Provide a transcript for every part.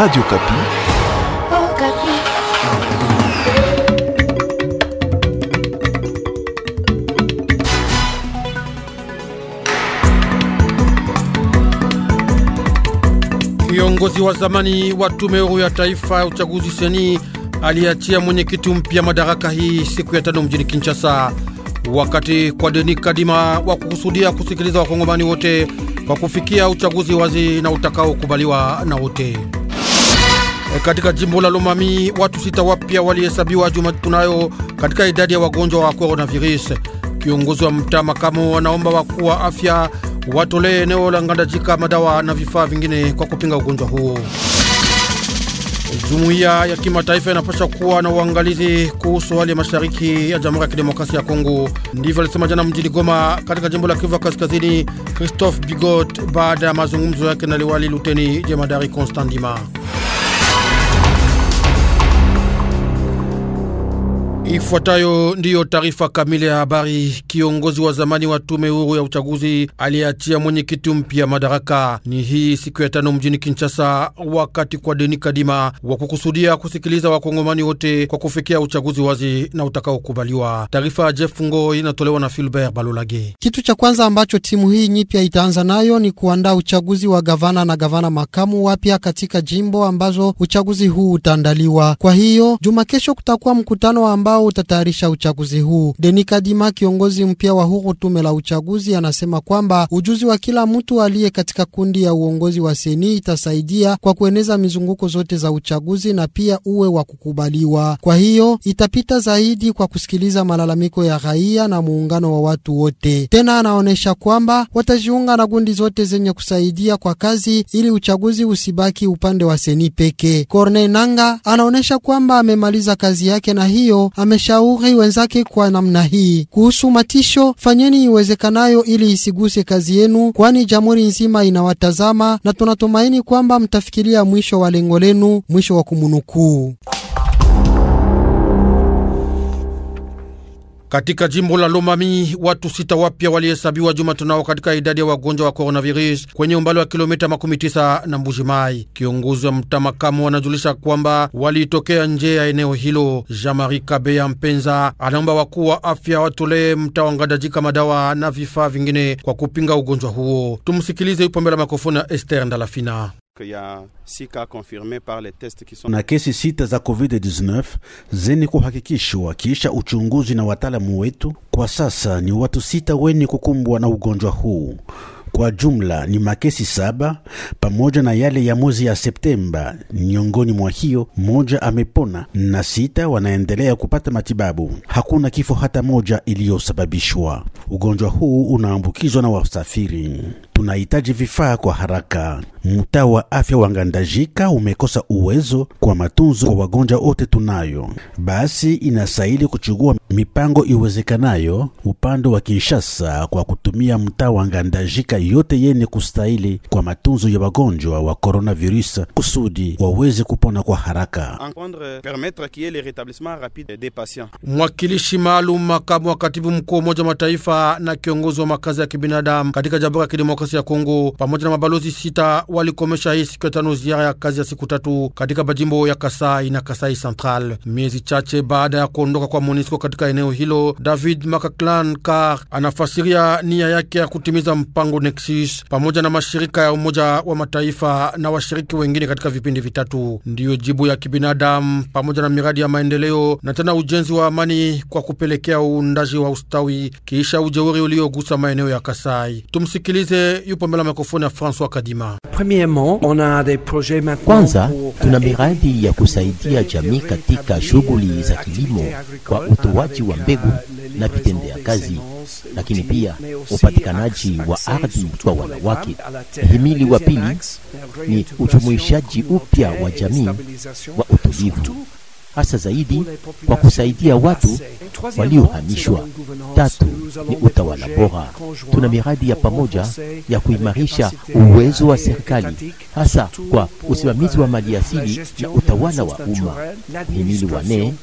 Radio Kapi. Oh, Kapi. Kiongozi wa zamani wa tume huru ya taifa ya uchaguzi seni aliachia mwenyekiti mpya madaraka hii siku ya tano mjini Kinshasa, wakati kwa Deni Kadima wa kukusudia kusikiliza wakongomani wote kwa kufikia uchaguzi wazi na utakaokubaliwa na wote. E, katika jimbo la Lomami watu sita wapya walihesabiwa juma tunayo katika idadi ya wagonjwa wa coronavirus. Kiongozi wa mtaa makamo wanaomba wakuu wa afya watolee eneo la Ngandajika madawa na vifaa vingine kwa kupinga ugonjwa huo. Jumuiya ya kimataifa inapaswa kuwa na uangalizi kuhusu hali ya mashariki ya Jamhuri ya Kidemokrasia ya Kongo. Ndivyo alisema jana mjini Goma katika jimbo la Kivu Kaskazini Christophe Bigot baada ya mazungumzo yake na liwali luteni jemadari Dima. Ifuatayo ndiyo taarifa kamili ya habari. Kiongozi wa zamani wa tume huru ya uchaguzi aliyeachia mwenyekiti mpya madaraka ni hii siku ya tano mjini Kinshasa, wakati kwa Deni Kadima wa kukusudia kusikiliza wakongomani wote kwa kufikia uchaguzi wazi na utakaokubaliwa. Taarifa ya Jeff Ngo inatolewa na Filbert Balolage. Kitu cha kwanza ambacho timu hii nyipya itaanza nayo ni kuandaa uchaguzi wa gavana na gavana makamu wapya katika jimbo ambazo uchaguzi huu utaandaliwa. Kwa hiyo juma kesho kutakuwa mkutano ambao ambao utatayarisha uchaguzi huu. Deni Kadima, kiongozi mpya wa huru tume la uchaguzi, anasema kwamba ujuzi wa kila mtu aliye katika kundi ya uongozi wa seni itasaidia kwa kueneza mizunguko zote za uchaguzi na pia uwe wa kukubaliwa. Kwa hiyo itapita zaidi kwa kusikiliza malalamiko ya raia na muungano wa watu wote. Tena anaonyesha kwamba watajiunga na gundi zote zenye kusaidia kwa kazi ili uchaguzi usibaki upande wa seni peke. Corne Nanga anaonyesha kwamba amemaliza kazi yake na hiyo ameshauri wenzake kwa namna hii. Kuhusu matisho, fanyeni iwezekanayo ili isiguse kazi yenu, kwani jamhuri nzima inawatazama na tunatumaini kwamba mtafikiria mwisho wa lengo lenu. Mwisho wa kumunukuu. Katika jimbo la Lomami watu sita wapya walihesabiwa Jumatano katika idadi ya wagonjwa wa coronavirus kwenye umbali wa kilomita makumi tisa na mai Kiongozi wa mtaa wanajulisha anajulisha kwamba walitokea nje ya eneo hilo. kabe Kabeya Mpenza anaomba wakuu wa afya watolee mtaa wa Ngadajika madawa na vifaa vingine kwa kupinga ugonjwa huo. Tumsikilize, yupo mbele ya makofoni ya Ester Ndalafina qu'il y a six cas confirmés par les tests qui sont. Na kesi sita za COVID-19 zeni kuhakikishwa kisha uchunguzi na wataalamu wetu. Kwa sasa ni watu sita weni kukumbwa na ugonjwa huu. Kwa jumla ni makesi saba pamoja na yale ya mwezi ya Septemba. Miongoni mwa hiyo, moja amepona na sita wanaendelea kupata matibabu. Hakuna kifo hata moja iliyosababishwa. Ugonjwa huu unaambukizwa na wasafiri tunahitaji vifaa kwa haraka. Mtaa wa afya wa Ngandajika umekosa uwezo kwa matunzo kwa wagonjwa wote tunayo, basi inastahili kuchukua mipango iwezekanayo upande wa Kinshasa kwa kutumia mtaa wa Ngandajika yote yenye kustahili kwa matunzo ya wagonjwa wa coronavirus kusudi waweze kupona kwa haraka. Mwakilishi maalum makamu wa katibu mkuu wa Umoja wa Mataifa na kiongozi wa makazi ya kibinadamu katika Jamhuri ya Kidemokrasia Kidemokrasia ya Kongo pamoja na mabalozi sita walikomesha hii siku ya tano ziara ya kazi ya siku tatu katika majimbo ya Kasai na Kasai Central, miezi chache baada ya kuondoka kwa MONUSCO katika eneo hilo. David mcclan car anafasiria nia yake ya kutimiza mpango Nexus pamoja na mashirika ya Umoja wa Mataifa na washiriki wengine katika vipindi vitatu, ndiyo jibu ya kibinadamu pamoja na miradi ya maendeleo na tena ujenzi wa amani kwa kupelekea uundaji wa ustawi kisha ujeuri uliogusa maeneo ya Kasai. Tumsikilize yupo mbele ya mikrofoni ya Francois Kadima. Kwanza euh, tuna miradi ya kusaidia jamii katika shughuli za kilimo kwa euh, utoaji wa mbegu euh, na vitendea kazi, lakini pia upatikanaji wa ardhi kwa wanawake. Himili wa pili ni ujumuishaji upya wa jamii wa utulivu, hasa zaidi kwa kusaidia watu waliohamishwa. Tatu ni utawala bora. Tuna miradi ya pamoja ya kuimarisha uwezo wa serikali hasa kwa usimamizi wa mali asili na utawala wa umma. Mhimili wa nne,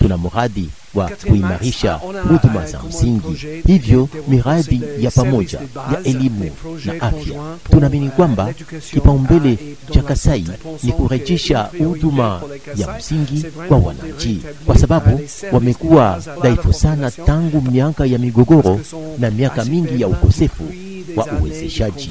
tuna mradi wa kuimarisha huduma za msingi, hivyo miradi ya pamoja ya elimu na afya. Tunaamini kwamba kipaumbele cha Kasai ni kurejesha huduma ya msingi kwa wananchi, kwa sababu wamekuwa dhaifu sana tangu miaka ya migogoro na miaka mingi ya ukosefu wa uwezeshaji.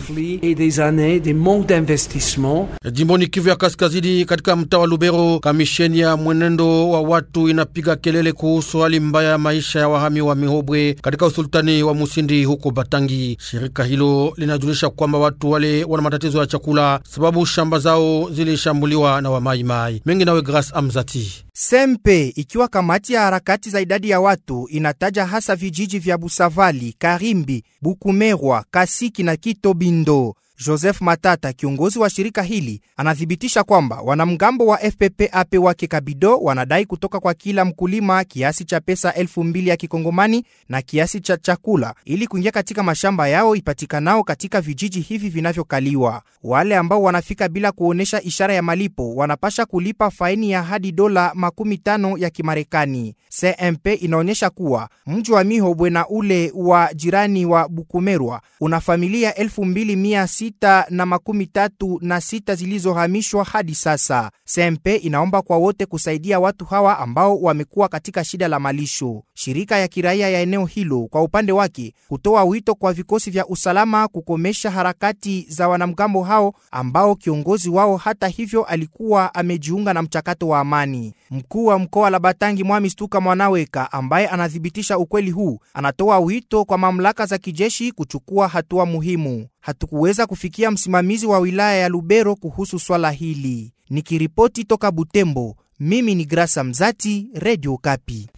Jimboni Kivu ya Kaskazini, katika mtaa wa Lubero, kamisheni ya mwenendo wa watu inapiga kelele kuhusu hali mbaya ya maisha ya wahami wa Mihobwe katika usultani wa Musindi huko Batangi. Shirika hilo linajulisha kwamba watu wale wana matatizo ya chakula sababu shamba zao zilishambuliwa na wamaimai mengi. Nawe Grace Amzati. Sempe ikiwa kamati ya harakati za idadi ya watu inataja hasa vijiji vya Busavali, Karimbi, Bukumerwa, Kasiki na Kitobindo Joseph Matata, kiongozi wa shirika hili, anathibitisha kwamba wanamgambo wa FPPAP wake Kabido wanadai kutoka kwa kila mkulima kiasi cha pesa elfu mbili ya kikongomani na kiasi cha chakula ili kuingia katika mashamba yao ipatikanao katika vijiji hivi vinavyokaliwa. Wale ambao wanafika bila kuonyesha ishara ya malipo wanapasha kulipa faini ya hadi dola makumi tano ya Kimarekani. CMP inaonyesha kuwa mji wa Mihobwe na ule wa jirani wa Bukumerwa una familia elfu mbili mia sita na makumi tatu na sita zilizohamishwa hadi sasa. Sempe inaomba kwa wote kusaidia watu hawa ambao wamekuwa katika shida la malisho. Shirika ya kiraia ya eneo hilo kwa upande wake hutoa wito kwa vikosi vya usalama kukomesha harakati za wanamgambo hao ambao kiongozi wao hata hivyo alikuwa amejiunga na mchakato wa amani. Mkuu wa mkoa la Batangi Mwami Stuka Mwanaweka ambaye anathibitisha ukweli huu anatoa wito kwa mamlaka za kijeshi kuchukua hatua muhimu hatukuweza kufikia msimamizi wa wilaya ya Lubero kuhusu swala hili. Nikiripoti toka Butembo, mimi ni Grasa Mzati, redio Kapi.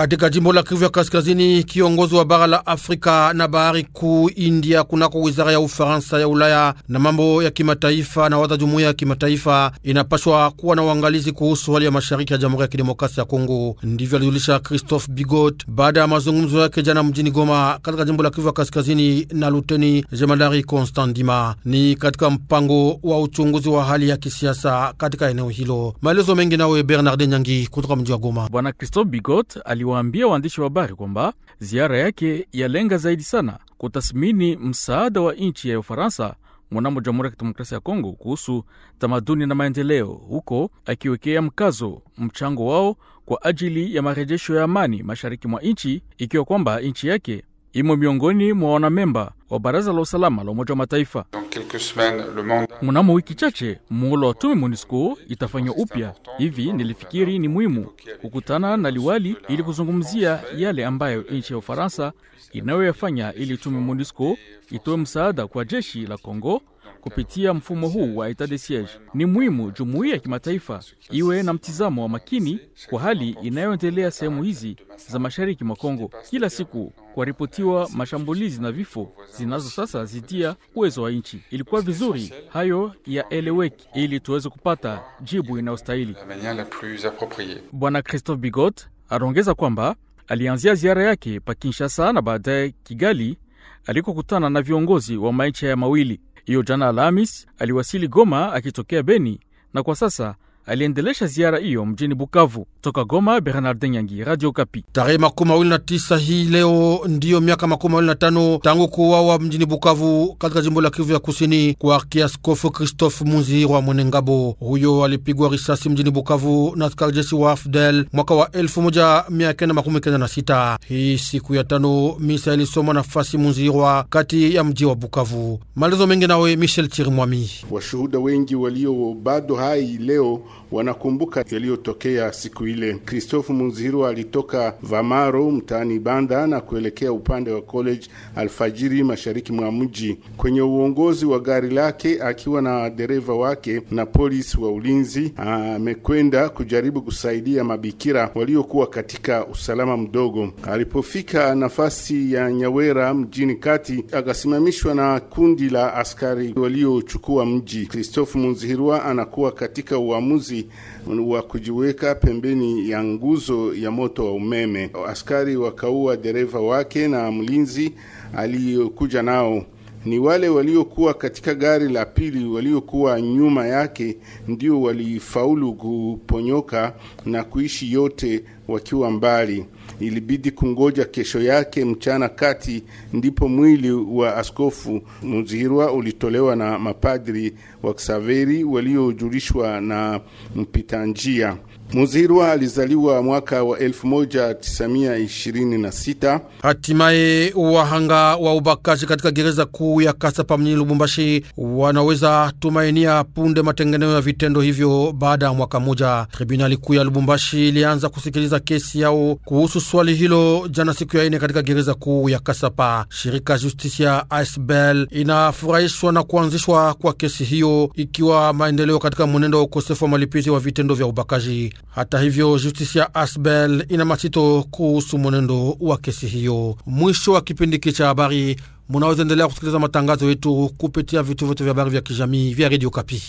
Katika jimbo la Kivu ya Kaskazini, kiongozi wa bara la Afrika na bahari kuu India kunako wizara ya Ufaransa ya Ulaya na mambo ya kimataifa na waza jumuiya ya kimataifa inapashwa kuwa na uangalizi kuhusu hali ya mashariki ya Jamhuri ya Kidemokrasia ya Kongo. Ndivyo alijulisha Christophe Bigot baada ya mazungumzo yake jana mjini Goma, katika jimbo la Kivu ya Kaskazini na luteni jemadari Constant Dima. Ni katika mpango wa uchunguzi wa hali ya kisiasa katika eneo hilo. Maelezo mengi nawe Bernard Nyangi kutoka mji wa Goma. Bwana Christophe Bigot ali aliwaambia waandishi wa habari kwamba ziara yake yalenga zaidi sana kutathmini msaada wa nchi ya Ufaransa mwanamo Jamhuri ya Kidemokrasia ya Kongo kuhusu tamaduni na maendeleo, huko akiwekea mkazo mchango wao kwa ajili ya marejesho ya amani mashariki mwa nchi, ikiwa kwamba nchi yake imo miongoni mwa wanamemba wa Baraza la Usalama la Umoja wa Mataifa. Mnamo wiki chache muulo wa tume MONUSCO itafanywa upya. Hivi nilifikiri ni muhimu kukutana na liwali ili kuzungumzia yale ambayo nchi ya Ufaransa inayoyafanya ili tume MONUSCO itoe msaada kwa jeshi la Kongo kupitia mfumo huu wa etat de siege. Ni muhimu jumuiya ya kimataifa iwe na mtizamo wa makini kwa hali inayoendelea sehemu hizi za mashariki mwa Kongo. Kila siku kwaripotiwa mashambulizi na vifo zinazo sasa zidia uwezo wa nchi. Ilikuwa vizuri hayo ya elewek ili tuweze kupata jibu inayostahili. Bwana Christophe Bigot anaongeza kwamba alianzia ziara yake pa Kinshasa na baadaye Kigali alikokutana na viongozi wa maisha ya mawili. Hiyo jana Alhamis aliwasili Goma akitokea Beni na kwa sasa aliendelesha ziara hiyo mjini Bukavu. Toka Goma, Bernard Nyangi, Radio Kapi. Tarehe makumi mawili na tisa hii leo ndiyo miaka makumi mawili na tano tangu kuwawa mjini Bukavu katika jimbo la Kivu ya Kusini kwa kiaskofu Christophe Munzirwa Mwenengabo. Huyo alipigwa risasi mjini Bukavu na askari jeshi wa AFDEL mwaka wa 1996. Hii siku ya tano misa ilisoma nafasi Munzirwa kati ya mji wa Bukavu. Maelezo mengi nawe Michel Chirimwami. Washuhuda wengi walio bado hai leo wanakumbuka yaliyotokea siku ile. Christophe Munziru alitoka Vamaro mtaani Banda na kuelekea upande wa college alfajiri, mashariki mwa mji, kwenye uongozi wa gari lake akiwa na dereva wake na polisi wa ulinzi. Amekwenda kujaribu kusaidia mabikira waliokuwa katika usalama mdogo. Alipofika nafasi ya Nyawera mjini kati, akasimamishwa na kundi la askari waliochukua mji. Christophe Munzihirwa anakuwa katika uamuzi uamuzi wa kujiweka pembeni ya nguzo ya moto wa umeme. Askari wakaua dereva wake na mlinzi aliyokuja nao. Ni wale waliokuwa katika gari la pili waliokuwa nyuma yake ndio walifaulu kuponyoka na kuishi yote wakiwa mbali ilibidi kungoja kesho yake mchana kati, ndipo mwili wa askofu Muzirwa ulitolewa na mapadri wa Ksaveri waliojulishwa na mpita njia. Muzirwa alizaliwa mwaka wa 1926. Hatimaye wahanga wa ubakaji katika gereza kuu ya Kasapa mjini Lubumbashi wanaweza tumainia punde matengenezo ya vitendo hivyo baada ya mwaka mmoja. Tribunali kuu ya Lubumbashi ilianza kusikiliza kesi yao kuhusu swali hilo jana siku ya ine katika gereza kuu ya Kasapa. Shirika ya Icebel inafurahishwa na kuanzishwa kwa kesi hiyo, ikiwa maendeleo katika mwenendo wa ukosefu wa malipizi wa vitendo vya ubakaji. Hata hivyo, ya Asbel ina machito kuhusu mwenendo wa kesi hiyo. Mwisho wa kipindi hiki cha habari, munaweza endelea kusikiliza matangazo yetu kupitia vituo vyote vya habari vya kijamii vya redio Kapi.